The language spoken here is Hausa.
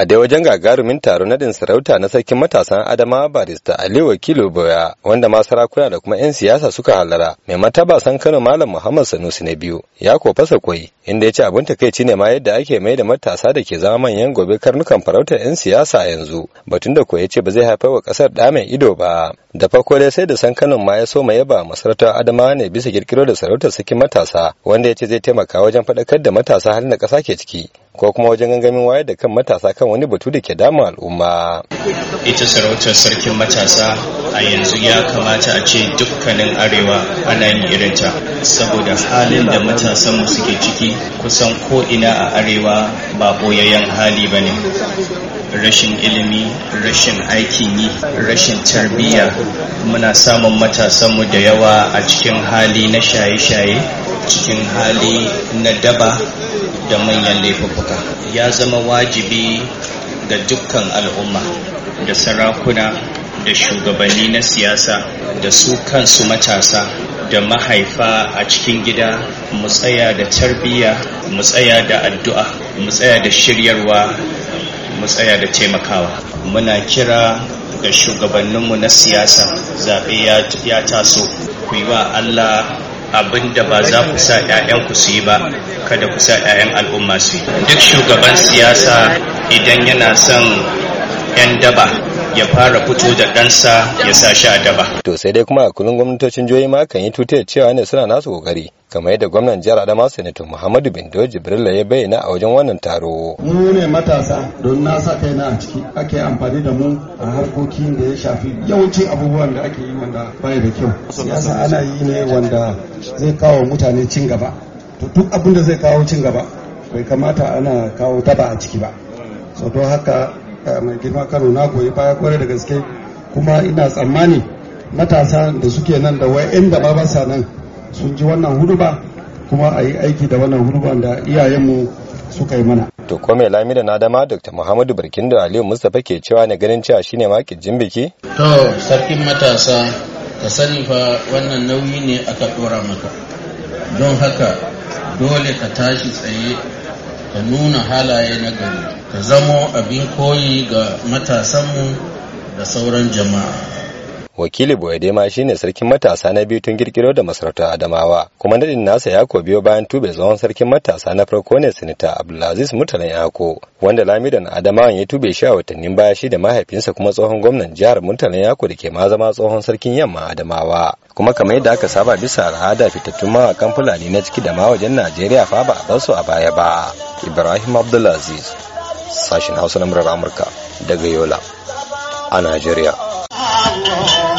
a dai wajen gagarumin taron nadin sarauta na sarkin matasan adama barista ali wakilu boya wanda ma sarakuna da kuma 'yan siyasa suka halara mai mataba san kano malam muhammad sanusi na biyu ya ko fasa koyi inda ya ce abin takaici ne ma yadda ake mai da matasa da ke zama manyan gobe karnukan farautar 'yan siyasa yanzu batun da ko ya ce ba zai haifar wa kasar da mai ido ba da farko dai sai da san kano ma ya so ma yaba masarautar adama ne bisa kirkiro da sarautar sarkin matasa wanda ya ce zai taimaka wajen faɗakar da matasa halin da ƙasa ke ciki ko kuma wajen gangamin wayar da kan matasa kan wani batu da ke dama al'umma. Ita sarautar sarkin matasa a yanzu ya kamata a ce dukkanin arewa ana yin irinta saboda halin da matasanmu suke ciki kusan ko ina a arewa ba boyayyen hali ba ne. rashin ilimi rashin aikin yi rashin tarbiyya muna samun matasanmu da yawa a cikin hali na shaye-shaye cikin hali na daba da manyan laifuffuka ya zama wajibi ga dukkan al'umma da sarakuna da shugabanni na siyasa da su kansu matasa da mahaifa a cikin gida mu tsaya da tarbiyya mu tsaya da addu'a mu tsaya da shiryarwa mu tsaya da taimakawa muna kira ga shugabanninmu na siyasa zaɓe ya taso ku yi wa allah abin da ba za ku sa 'ya'yanku su yi ba kada ku sa 'ya'yan al'umma su yi duk shugaban siyasa idan yana son 'yan daba ya fara fito da ɗansa ya sa shi a daba to sai dai kuma a kullum gwamnatocin jihohi ma kan yi tutiyar cewa ne suna nasu kokari kamar yadda gwamnan jihar adama sanato muhammadu bindo jibrila ya bayyana a wajen wannan taro mu ne matasa don na sa kaina a ciki ake amfani da mu a harkokin da ya shafi yawancin abubuwan da ake yi wanda baya da kyau siyasa ana yi ne wanda zai kawo mutane cin gaba to duk abin da zai kawo cin gaba bai kamata ana kawo taba a ciki ba so don haka eh, mai girma kano na goyi baya kware da gaske kuma ina tsammani matasa da suke nan da wa'in da ba nan sun ji wannan huduba kuma a yi aiki da wannan huduban da iyayenmu suka yi mana. To ko mai lami da nadama Dr. Muhammadu da Aliyu Mustapha ke cewa ne ganin cewa shine ma biki? To sarkin matasa ka sani fa wannan nauyi ne aka dora maka. Don haka dole ka tashi tsaye ka nuna halaye na gari ka zamo abin koyi ga matasanmu da sauran jama'a. wakili boyade ma shine sarkin matasa na biyu tun girgiro da masarautar adamawa kuma nadin nasa ya ko biyo bayan tube tsohon sarkin matasa na farko ne sinita abdulaziz murtalan yako wanda lamidan adamawan ya tube shi a watannin baya shi da mahaifinsa kuma tsohon gwamnan jihar murtalan yako da ke ma zama tsohon sarkin yamma adamawa kuma kamar yadda aka saba bisa al'ada fitattun mawakan fulani na ciki da ma wajen najeriya fa ba a bar su a baya ba ibrahim abdulaziz sashen hausa na murar amurka daga yola a najeriya